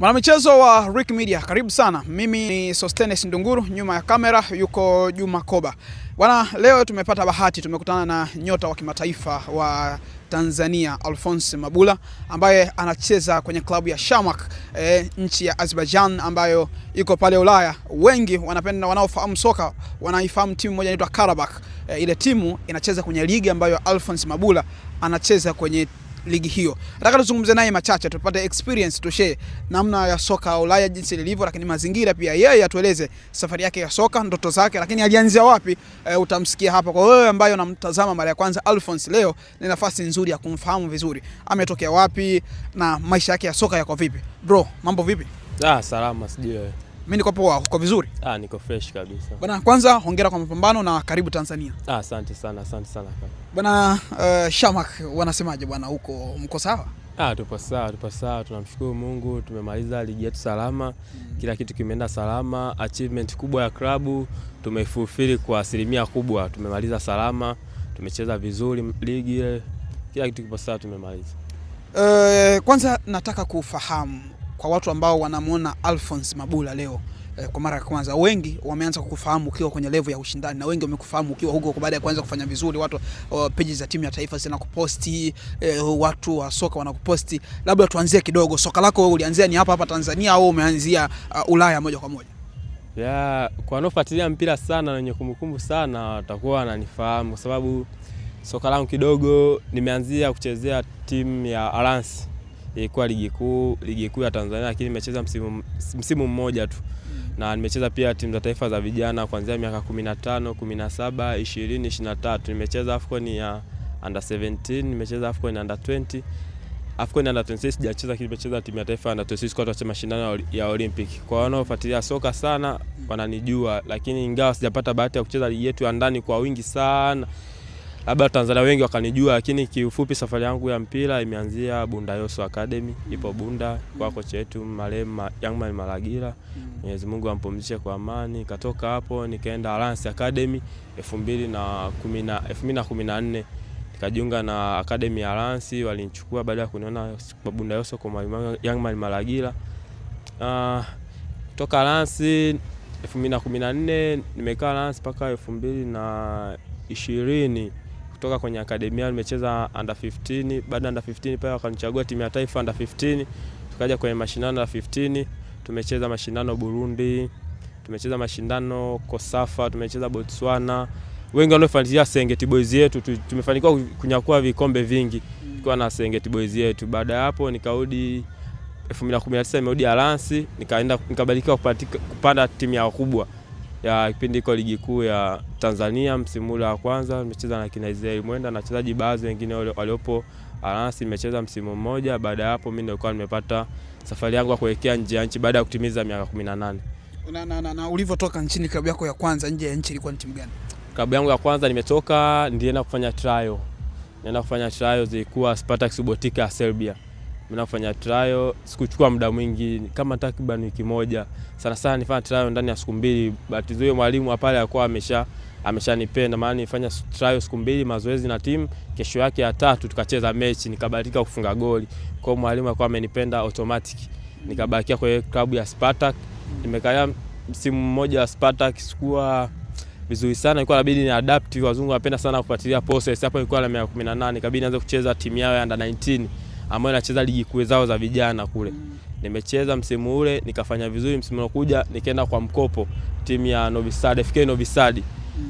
Mwanamichezo wa Rick Media, karibu sana. Mimi ni Sostenes Ndunguru, nyuma ya kamera yuko Juma Koba. Bwana, leo tumepata bahati, tumekutana na nyota wa kimataifa wa Tanzania Alphonce Mabula ambaye anacheza kwenye klabu ya Shamak e, eh, nchi ya Azerbaijan ambayo iko pale Ulaya. Wengi wanapenda wanaofahamu soka wanaifahamu timu moja inaitwa Karabakh. E, ile timu inacheza kwenye ligi ambayo Alphonce Mabula anacheza kwenye ligi hiyo. Nataka tuzungumze naye machache, tupate experience, tushare namna ya soka Ulaya jinsi lilivyo, lakini mazingira pia, yeye atueleze safari yake ya soka, ndoto zake, lakini alianzia wapi. E, utamsikia hapa. Kwa wewe ambaye unamtazama mara ya kwanza Alphonce leo, ni nafasi nzuri ya kumfahamu vizuri, ametokea wapi na maisha yake ya soka yako vipi. Bro, mambo vipi? Ah, salama, sijui wewe. Mimi niko poa, uko vizuri? Ah, niko fresh kabisa. Bwana, kwanza hongera kwa mapambano na karibu Tanzania. Ah, asante sana, asante sana. Bwana, uh, Shamak wanasemaje bwana huko mko sawa? Ah, tupo sawa, tupo sawa. Tunamshukuru Mungu tumemaliza ligi yetu salama. Mm. Kila kitu kimeenda salama. Achievement kubwa ya klabu tumeifulfill kwa asilimia kubwa. Tumemaliza salama, tumecheza vizuri ligi ile. Kila kitu kipo sawa tumemaliza. Uh, kwanza nataka kufahamu kwa watu ambao wanamuona Alphonce Mabula leo eh, kwa mara ya kwanza, wengi wameanza kukufahamu ukiwa kwenye level ya ushindani na wengi wamekufahamu ukiwa huko baada ya kuanza kufanya vizuri. Watu uh, peji za timu ya taifa zinakuposti eh, watu wa soka wanakuposti. Labda tuanzie kidogo, soka lako wewe ulianzia ni hapa hapa Tanzania au umeanzia uh, Ulaya moja kwa moja? Yeah, kwa wanaofuatilia mpira sana na wenye kumbukumbu sana watakuwa wananifahamu kwa sababu soka langu kidogo nimeanzia kuchezea timu ya Alliance ilikuwa ligi kuu ligi kuu ya Tanzania, lakini nimecheza msimu, msimu mmoja tu na nimecheza pia timu za taifa za vijana kuanzia miaka 15, 17, 20, 23. Nimecheza AFCON ya under 17, nimecheza AFCON ya under 20. AFCON under 26 sijacheza, lakini nimecheza timu ya taifa under 26 kwa tuache mashindano ya Olympic. Kwa wanaofuatilia soka sana wananijua, lakini ingawa sijapata bahati ya kucheza ligi yetu ya ndani kwa wingi sana labda Tanzania wengi wakanijua, lakini kiufupi safari yangu ya mpira imeanzia Bunda Yosu Academy, ipo Bunda kwa kocha wetu marehemu Youngman Malagira, Mwenyezi Mungu ampumzishe kwa amani. Katoka hapo nikaenda Alliance Academy elfu mbili na kumi na nne nikajiunga na Academy ya Alliance, walinichukua baada ya kuniona kwa Bunda Yosu kwa Youngman Malagira. Uh, toka Alliance elfu mbili na kumi na nne nimekaa Alliance mpaka elfu mbili na ishirini kutoka kwenye akademia, nimecheza under 15, baada under 15 pale wakanichagua timu ya taifa under 15, tukaja kwenye mashindano ya 15, tumecheza mashindano Burundi, tumecheza mashindano Kosafa, tumecheza Botswana. Wengi wanaofuatilia Serengeti Boys yetu tumefanikiwa kunyakua vikombe vingi tukiwa na Serengeti Boys yetu. Baada ya hapo nikarudi 2019 nimerudi Alansi, nikaenda nikabadilika kupanda timu ya wakubwa ya kipindi iko ligi kuu ya Tanzania msimu ule wa kwanza, nimecheza na kina Israel Mwenda na wachezaji baadhi wengine waliopo Alliance, nimecheza msimu mmoja. Baada ya hapo mimi nilikuwa nimepata safari yangu ya kuelekea nje ya nchi baada ya kutimiza miaka 18. Na, na, na, na ulivyotoka nchini, klabu yako ya kwanza nje ya nchi ilikuwa ni timu gani? Klabu yangu ya kwanza nimetoka, nilienda kufanya trial, nilienda kufanya trial zilikuwa Spartak Subotica ya Serbia nafanya trial, sikuchukua muda mwingi kama takriban wiki moja. Sana sana nifanya trial ndani ya siku mbili. but nzuri mwalimu pale alikuwa amesha ameshanipenda maana nifanya trial siku mbili mazoezi na timu, kesho yake ya tatu tukacheza mechi nikabahatika kufunga goli. Kwa hiyo mwalimu alikuwa amenipenda automatic. Nikabakia kwenye klabu ya Spartak. Nimekaa msimu mmoja wa Spartak sikuwa vizuri sana, ilikuwa inabidi ni adapt. Wazungu wanapenda sana kufuatilia process. Hapo ilikuwa na miaka 18, kabidi nianze kucheza timu yao ya under 19 ambayo inacheza ligi kuu zao za vijana kule. Nimecheza msimu ule nikafanya vizuri, msimu unakuja nikaenda kwa mkopo timu ya Novi Sad, FK Novi Sad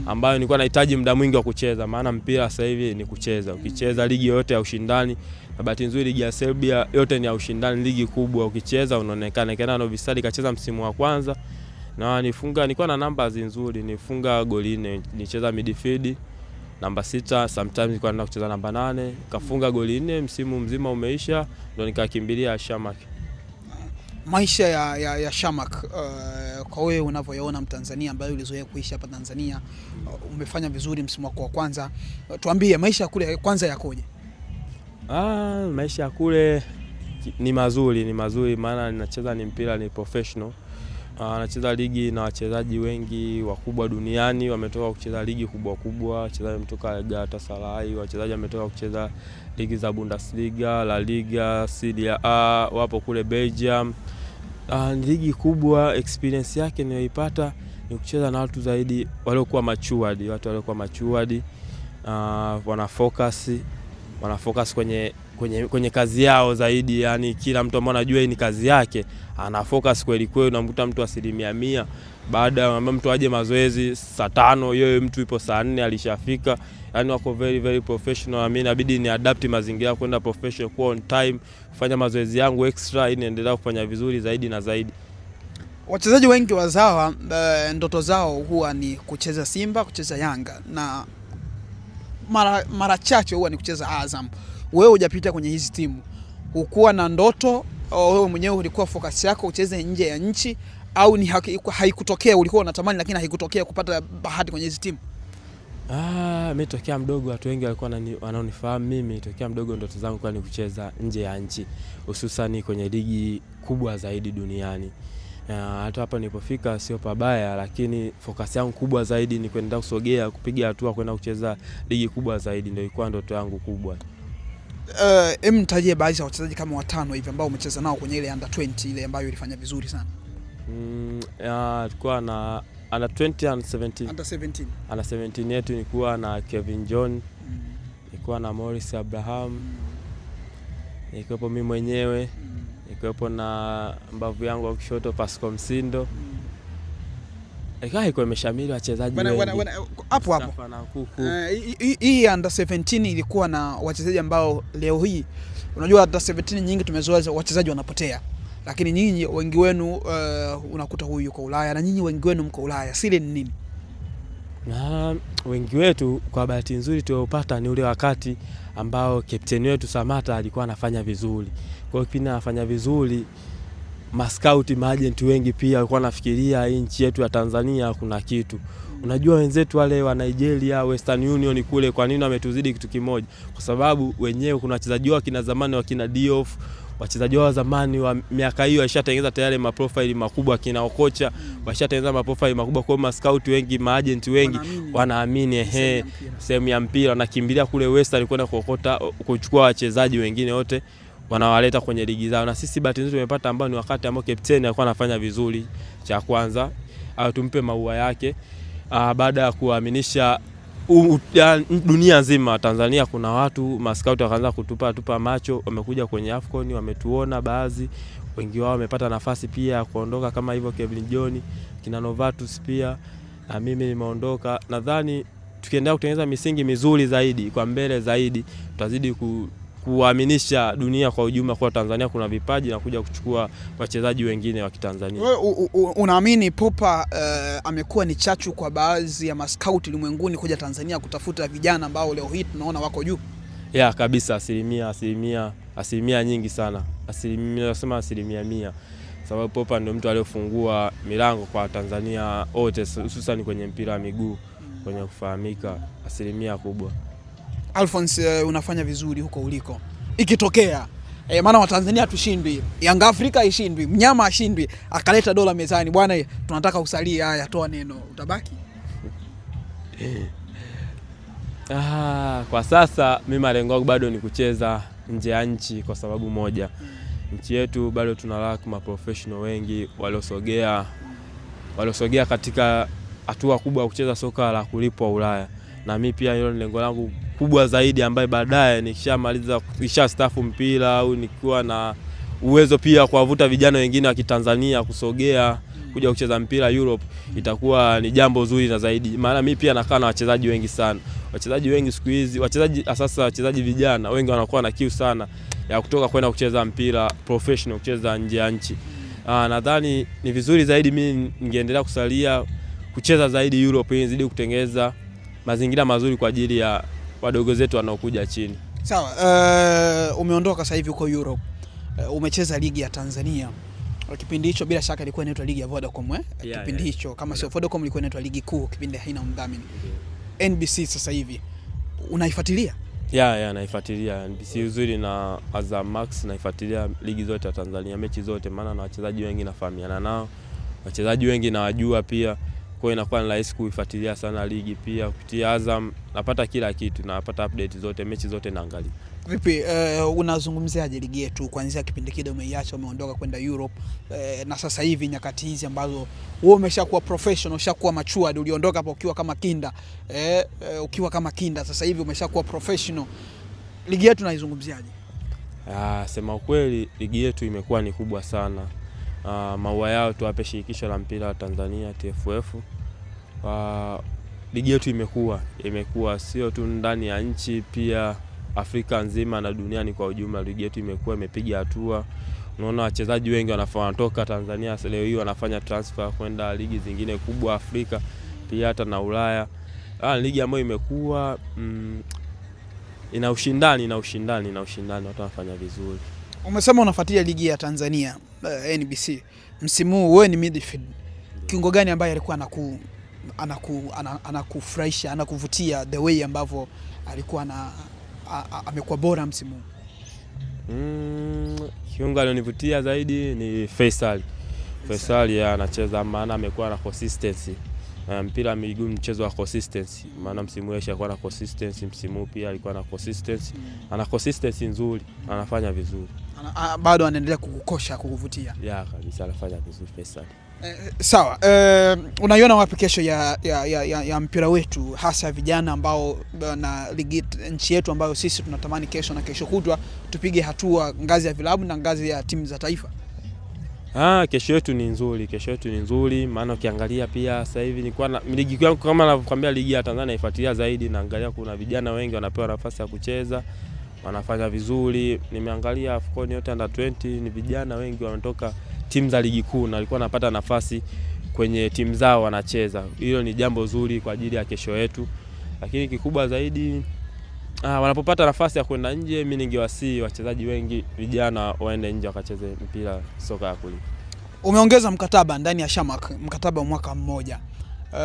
ambayo nilikuwa nahitaji muda mwingi wa kucheza, maana mpira sasa hivi ni kucheza. Ukicheza ligi yote ya ushindani, na bahati nzuri ligi ya Serbia yote ni ya ushindani, ligi kubwa, ukicheza unaonekana. Nikaenda Novi Sad kacheza msimu wa kwanza na nifunga, nilikuwa na namba nzuri, nifunga goli nne, nicheza midfield namba sita, sometimes nilikuwa naenda kucheza namba nane. Kafunga goli nne, msimu mzima umeisha, ndo nikakimbilia Shamak. Maisha ya, ya, ya Shamak uh, kwa wewe unavyoyaona Mtanzania ambaye ulizoea kuishi hapa Tanzania uh, umefanya vizuri msimu wako wa kwanza uh, tuambie maisha kule kwanza yakoje? Ah, maisha ya kule ni mazuri, ni mazuri maana ninacheza ni mpira, ni professional Ah, anacheza ligi na wachezaji wengi wakubwa duniani, wametoka kucheza ligi kubwa kubwa. Wachezaji wametoka Galatasaray, wachezaji wametoka kucheza ligi za Bundesliga, La Liga, Serie A, wapo kule Belgium. Uh, ligi kubwa, experience yake niyoipata ni kucheza na watu zaidi waliokuwa matured, watu waliokuwa matured, uh, ah, wana focus, wana focus kwenye kwenye, kwenye kazi yao zaidi. Yani kila mtu ambaye anajua hii ni kazi yake ana focus kweli kweli, unamkuta mtu asilimia mia. Baada ya mtu aje mazoezi saa tano, yeye mtu ipo saa nne alishafika. Yani wako very very professional. Mimi inabidi ni adapt mazingira kwenda professional, kuwa on time, kufanya mazoezi yangu extra, ili niendelea kufanya vizuri zaidi na zaidi. Wachezaji wengi wazawa eh, ndoto zao huwa ni kucheza Simba, kucheza Yanga na mara, mara chache huwa ni kucheza Azam wewe hujapita kwenye hizi timu, hukuwa na ndoto wewe mwenyewe, ulikuwa focus yako ucheze nje ya nchi au ni haikutokea? Ulikuwa unatamani lakini haikutokea kupata bahati kwenye hizi timu? Ah, mi tokea mdogo watu wengi walikuwa wanaonifahamu mimi tokea mdogo, ndoto zangu kwa ni kucheza nje ya nchi, hususan kwenye ligi kubwa zaidi duniani. Hata hapa nilipofika sio pabaya, lakini fokasi yangu kubwa zaidi ni kwenda kusogea, kupiga hatua, kwenda kucheza ligi kubwa zaidi, ndio ilikuwa ndoto yangu kubwa uh, em mtajie baadhi ya wachezaji kama watano hivi ambao umecheza nao kwenye ile under 20 ile ambayo ilifanya vizuri sana. Mm, ya, tukua na under 20 and 17. Under 17. Under 17 yetu nilikuwa na Kevin John. Mm. Nilikuwa na Morris Abraham. Mm. Nilikuwepo mimi mwenyewe. Mm. Nilikuwepo na mbavu yangu wa kushoto Pascal Msindo. Mm. Ikawa iko imeshamiri wachezaji wengi. Hapo hapo. Eh, hii under 17 ilikuwa na wachezaji ambao leo hii unajua under 17 nyingi tumezoea wachezaji wanapotea. Lakini nyinyi wengi wenu uh, unakuta huyu yuko Ulaya na nyinyi wengi wenu mko Ulaya. Siri ni nini? Na wengi wetu kwa bahati nzuri tuliopata ni ule wakati ambao kapteni wetu Samata alikuwa anafanya vizuri. Kwa hiyo kipindi anafanya vizuri maskauti maajenti wengi pia walikuwa wanafikiria hii nchi yetu ya Tanzania kuna kitu. Unajua wenzetu wale wa Nigeria, Western Union kule, kwa nini wametuzidi? Kitu kimoja, kwa sababu wenyewe kuna wachezaji wao kina zamani wa kina Diouf, wachezaji wao wa zamani wa miaka hiyo waishatengeneza tayari maprofile makubwa, kina Okocha waishatengeneza maprofile makubwa. Kwa hiyo maskauti wengi, maajenti wengi wanaamini ehe, sehemu ya mpira wanakimbilia kule Western kwenda kuokota, kuchukua wachezaji wengine wote wanawaleta kwenye ligi zao, na sisi bahati nzuri tumepata ambao ni wakati ambao captain alikuwa anafanya vizuri. Cha kwanza tumpe maua yake ah, baada ya kuaminisha dunia nzima Tanzania kuna watu maskauti wakaanza kutupa tupa macho, wamekuja kwenye Afcon wametuona, baadhi wengi wao wamepata nafasi pia ya kuondoka kama hivyo Kevin John, kina Novatus pia na mimi nimeondoka. Nadhani tukiendelea kutengeneza misingi mizuri zaidi kwa mbele zaidi tutazidi kuaminisha dunia kwa ujumla kuwa Tanzania kuna vipaji na kuja kuchukua wachezaji wengine wa Kitanzania. Unaamini Popa uh, amekuwa ni chachu kwa baadhi ya maskauti ulimwenguni kuja Tanzania kutafuta vijana ambao leo hii tunaona wako juu? Ya kabisa, asilimia asilimia asilimia nyingi sana, asilimia nasema asilimia mia, sababu Popa ndio mtu aliyofungua milango kwa Tanzania wote, hususan kwenye mpira wa miguu kwenye kufahamika asilimia kubwa. Alphonse, eh, unafanya vizuri huko uliko, ikitokea E, maana Watanzania tushindwi, Yanga Afrika ishindwi, mnyama ashindwi, akaleta dola mezani, bwana, eh, tunataka usalie. Haya, toa neno, utabaki ah, kwa sasa mi malengo yangu bado ni kucheza nje ya nchi, kwa sababu moja, hmm. nchi yetu bado tuna lack ma professional wengi waliosogea, waliosogea katika hatua kubwa ya kucheza soka la kulipwa Ulaya, na mi pia hilo ni lengo langu kubwa zaidi, ambaye baadaye nikishamaliza nikishastaafu mpira au nikiwa na uwezo pia kuwavuta vijana wengine wa Kitanzania kusogea kuja kucheza mpira Europe, itakuwa ni jambo zuri na zaidi. Maana mi pia nakaa na wachezaji wengi sana, wachezaji wengi siku hizi, wachezaji sasa, wachezaji vijana wengi wanakuwa na kiu sana ya kutoka kwenda kucheza mpira professional, kucheza nje ya nchi. Ah, nadhani ni vizuri zaidi, mi ningeendelea kusalia kucheza zaidi Europe, nizidi kutengeneza mazingira mazuri kwa ajili ya wadogo zetu wanaokuja chini. Sawa. Uh, umeondoka sasa hivi uko Europe, uh, umecheza ligi ya Tanzania kipindi hicho bila shaka ilikuwa inaitwa ligi ya Vodacom eh? Yeah, kipindi hicho yeah. Kama yeah. sio Vodacom ilikuwa inaitwa ligi kuu kipindi haina mdhamini yeah. NBC sasa hivi unaifuatilia? ya Yeah, yeah, naifuatilia NBC uzuri na Azam Max naifuatilia ligi zote ya Tanzania mechi zote, maana na wachezaji wengi nafahamiana nao, wachezaji wengi nawajua pia kwa hiyo inakuwa ni rahisi kuifuatilia sana ligi, pia kupitia Azam napata kila kitu, napata update zote, mechi zote naangalia. Vipi uh, unazungumziaje ligi yetu kuanzia kipindi kile umeiacha, umeondoka kwenda Europe uh, na sasa hivi nyakati hizi ambazo wewe umeshakuwa professional, ushakuwa matured, uliondoka hapo ukiwa kama kinda eh, uh, ukiwa kama kinda, sasa hivi umeshakuwa professional, ligi yetu naizungumziaje? Ah, sema ukweli ligi yetu imekuwa ni kubwa sana uh, maua yao tuwape shirikisho la mpira wa Tanzania TFF. Uh, ah, ligi yetu imekuwa imekuwa sio tu ndani ya nchi, pia Afrika nzima na duniani kwa ujumla. Ligi yetu imekuwa imepiga hatua. Unaona wachezaji wengi wanatoka Tanzania leo hii wanafanya transfer kwenda ligi zingine kubwa Afrika, pia hata na Ulaya. Ah, ligi ambayo imekuwa mm, ina ushindani na ushindani na ushindani, watu wanafanya vizuri. Umesema unafuatilia ligi ya Tanzania uh, eh, NBC msimu, huu wewe ni midfield, kiungo gani ambaye alikuwa anaku anaku anakufurahisha anakuvutia the way ambavyo alikuwa na amekuwa bora msimu? Mm, kiungo alionivutia zaidi ni Faisal. Faisal anacheza maana amekuwa na consistency Eh, mpira um, wa miguu mchezo wa consistency, maana msimu yeye alikuwa na consistency, msimu pia alikuwa na consistency mm. ana consistency nzuri, anafanya vizuri ana, a, bado anaendelea kukukosha kukuvutia, ya kabisa, anafanya vizuri pesa eh, eh sawa eh, unaiona wapi kesho ya, ya, ya, ya, ya mpira wetu hasa vijana ambao eh, na ligi nchi yetu ambayo sisi tunatamani kesho na kesho kutwa tupige hatua ngazi ya vilabu na ngazi ya timu za taifa? Ah, kesho yetu ni nzuri, kesho yetu ni nzuri, maana ukiangalia pia sasa hivi nilikuwa na ligi yangu kama navyokwambia, ligi ya Tanzania naifuatilia zaidi, angalia kuna vijana wengi wanapewa nafasi ya kucheza wanafanya vizuri. Nimeangalia AFCON yote under 20 ni vijana wengi wanatoka timu za ligi kuu na walikuwa wanapata nafasi kwenye timu zao wanacheza. Hilo ni jambo zuri kwa ajili ya kesho yetu, lakini kikubwa zaidi Ah, wanapopata nafasi ya kwenda nje, mi ningewasihi wachezaji wengi vijana waende nje wakacheze mpira soka ya kulipwa. Umeongeza mkataba ndani ya Shamak, mkataba wa mwaka mmoja. Uh,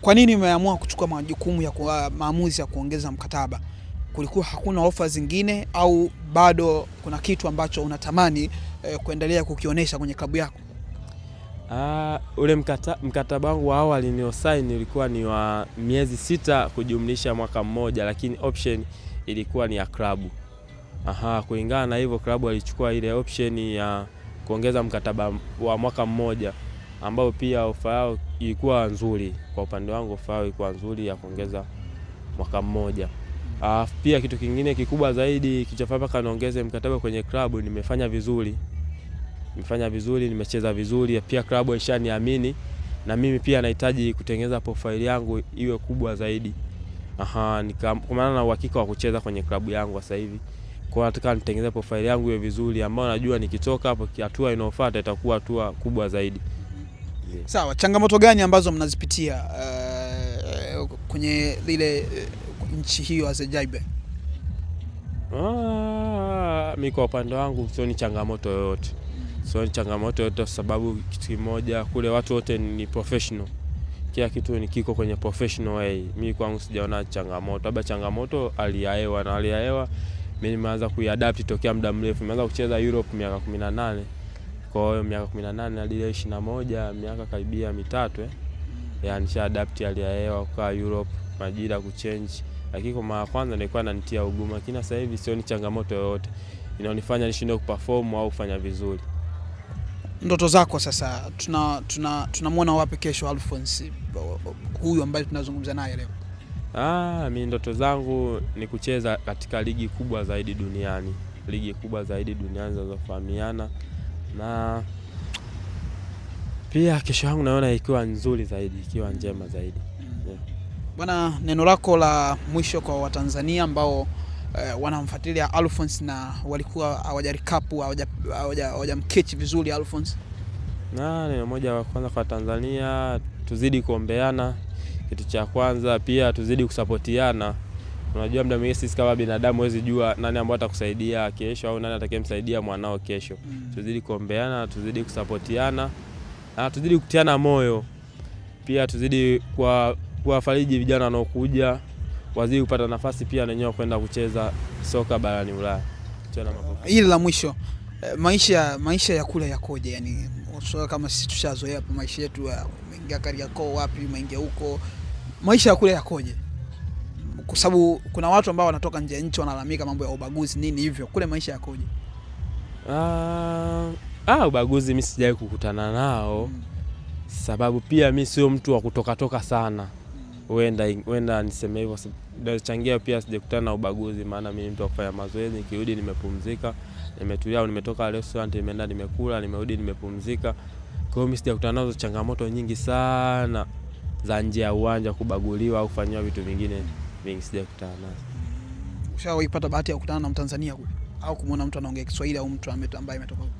kwa nini umeamua kuchukua majukumu ya kwa maamuzi ya kuongeza mkataba? Kulikuwa hakuna ofa zingine au bado kuna kitu ambacho unatamani uh, kuendelea kukionyesha kwenye klabu yako? Aa, ah, ule mkata, mkataba wangu wa awali niliosain ulikuwa ni wa miezi sita kujumlisha mwaka mmoja, lakini option ilikuwa ni ya klabu. Aha, kulingana na hivyo klabu alichukua ile option ya kuongeza mkataba wa mwaka mmoja ambao pia ofa yao ilikuwa nzuri. Kwa upande wangu ofa yao ilikuwa nzuri ya kuongeza mwaka mmoja. Aa, ah, pia kitu kingine kikubwa zaidi kichofanya mpaka niongeze mkataba kwenye klabu, nimefanya vizuri nimefanya vizuri, nimecheza vizuri, pia klabu ishaniamini na mimi pia nahitaji kutengeneza profile yangu iwe kubwa zaidi. Aha, nika kwa maana na uhakika wa kucheza kwenye klabu yangu sasa hivi. Kwa hiyo nataka nitengeneze profile yangu iwe vizuri ambayo najua nikitoka hapo hatua inayofuata itakuwa hatua kubwa zaidi. Yeah. Sawa, changamoto gani ambazo mnazipitia uh, kwenye ile uh, eh, nchi hiyo Azerbaijan? Ah, mimi kwa upande wangu sioni changamoto yoyote so ni changamoto yote, sababu kitu kimoja kule watu wote ni professional, kila kitu ni kiko kwenye professional way. Mi kwangu sijaona changamoto, labda changamoto aliaewa na aliaewa, mimi nimeanza kuiadapt tokea muda mrefu. Nimeanza kucheza Europe miaka 18 kwa hiyo miaka 18 hadi leo 21, miaka karibia mitatu eh, yani sha adapt aliaewa kwa Europe majira kuchange, lakini kwa mara kwanza nilikuwa nanitia ugumu, lakini sasa hivi sioni changamoto yoyote inaonifanya nishindwe kuperform au kufanya vizuri ndoto zako sasa, tunamwona tuna, tuna wapi kesho Alphonce huyu ambaye tunazungumza naye leo? Ah, mi ndoto zangu ni kucheza katika ligi kubwa zaidi duniani, ligi kubwa zaidi duniani zinazofahamiana, na pia kesho yangu naona ikiwa nzuri zaidi, ikiwa njema zaidi. Bwana, neno lako la mwisho kwa Watanzania ambao uh, wanamfuatilia Alphonse na walikuwa hawajarikapu hawajamkechi vizuri Alphonse. Na ni mmoja wa kwanza kwa Tanzania, tuzidi kuombeana kitu cha kwanza, pia tuzidi kusapotiana. Unajua mda mwingine sisi kama binadamu huwezi jua nani ambaye atakusaidia kesho au nani atakayemsaidia mwanao kesho. Mm. Tuzidi kuombeana, tuzidi kusapotiana na tuzidi kutiana moyo, pia tuzidi kuwafariji vijana wanaokuja wazidi kupata nafasi pia na wenyewe kwenda kucheza soka barani Ulaya. Ile la mwisho eh, maisha maisha ya kule yakoje? Yani soka kama sisi tushazoea hapa maisha yetu, umeingia Kariakoo wapi, umeingia huko, maisha ya kule yakoje? Kwa sababu kuna watu ambao wanatoka nje ya nchi wanalalamika mambo ya ubaguzi nini hivyo, kule maisha yakoje? Uh, ah, ubaguzi mi sijawahi kukutana nao mm. Sababu pia mi sio mtu wa kutokatoka sana huenda huenda niseme hivyo, nachangia pia sijakutana na ubaguzi, maana mimi mtu wa mazoezi, nikirudi nimepumzika, nimetulia, nimetoka restaurant, nimeenda nimekula, nimerudi nimepumzika. Kwa hiyo mimi sijakutana nazo changamoto nyingi sana za nje ya uwanja, kubaguliwa au kufanyiwa vitu vingine vingi, sijakutana nazo. Ushawahi kupata bahati ya kukutana na Mtanzania kule au kumwona mtu anaongea Kiswahili au mtu ambaye ametoka huko?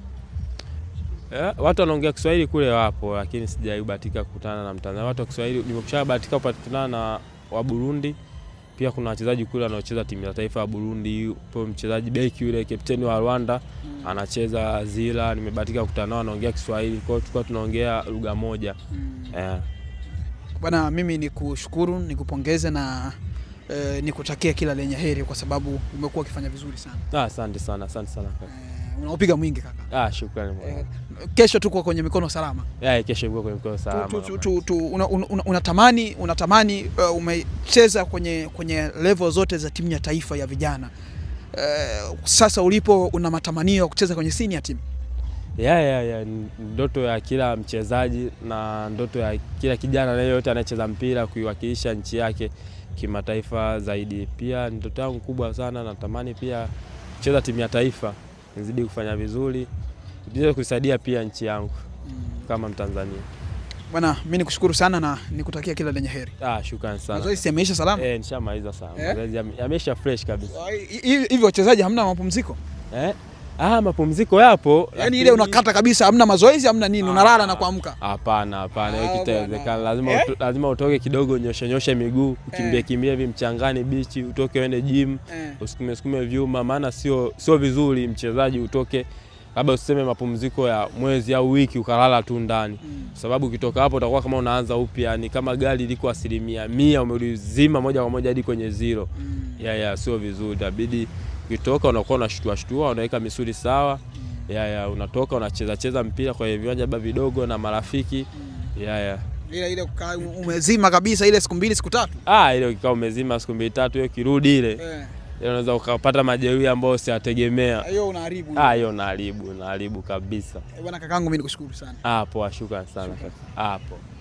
Yeah, watu wanaongea Kiswahili kule wapo, lakini sijabahatika kukutana na Mtanzania. Watu wa Kiswahili nimeshabahatika kukutana na wa Burundi. Pia kuna wachezaji kule wanaocheza timu ya taifa ya Burundi. Po mchezaji beki yule kapteni wa Rwanda mm. anacheza Zila, nimebahatika kukutana nao, wanaongea Kiswahili, kwa hiyo tulikuwa tunaongea lugha moja mm. yeah. Bwana, mimi ni nikushukuru, nikupongeze na eh, nikutakia kila lenye heri kwa sababu umekuwa ukifanya vizuri sana. Ah, asante ah, sana, asante sana. eh. Unaopiga mwingi kaka. Ah, shukrani mwana. Eh, kesho tuko kwenye mikono salama. Yeah, kesho tuko kwenye mikono salama. Tu, tu, tu, tu, una, una, unatamani unatamani uh, umecheza kwenye kwenye level zote za timu ya taifa ya vijana uh, sasa ulipo una matamanio ya kucheza kwenye senior team? Yeah, yeah, yeah. Ndoto ya kila mchezaji na ndoto ya kila kijana na yeyote anayecheza mpira kuiwakilisha nchi yake kimataifa zaidi. Pia ndoto yangu kubwa sana, natamani pia cheza timu ya taifa nizidi kufanya vizuri, nizidi kusaidia pia nchi yangu kama Mtanzania. Bwana, mimi nikushukuru sana na nikutakia kila lenye heri. Ah, shukrani sana. Mazoezi yameisha salama? Eh, nishamaliza salama. Eh? Mazoezi yameisha fresh kabisa. Hivi wachezaji hamna mapumziko? Eh? Ah, mapumziko yapo. Yaani ile unakata kabisa, hamna mazoezi, hamna nini, ah, unalala na kuamka. Hapana, hapana, hiyo ah, kitawezekana. Lazima eh? utu, lazima utoke kidogo, nyoshe nyoshe miguu, ukimbie eh? kimbie hivi mchangani bichi, utoke uende gym, eh? usikume sukume vyuma, maana sio sio vizuri mchezaji utoke labda useme mapumziko ya mwezi au wiki ukalala tu ndani mm. Sababu ukitoka hapo utakuwa kama unaanza upya, ni kama gari liko asilimia mia, umelizima moja kwa moja hadi kwenye zero mm. Yeah, yeah, sio vizuri, itabidi ukitoka unakuwa unashtua shtua, unaweka misuli sawa mm. ya, ya, unatoka unacheza cheza mpira kwenye viwanja ba vidogo na marafiki mm. ya, ya. Ile ile kukaa umezima kabisa ile siku mbili siku tatu, ah, ile ukikaa umezima siku mbili tatu, hiyo kirudi ile yeah. Unaweza ukapata majeruhi ambayo usiyategemea. Ah, hiyo unaharibu. Ah, hiyo unaharibu, unaharibu kabisa. Eh, bwana kakangu, mimi nikushukuru sana. Ah, poa, shukrani sana. ah, poa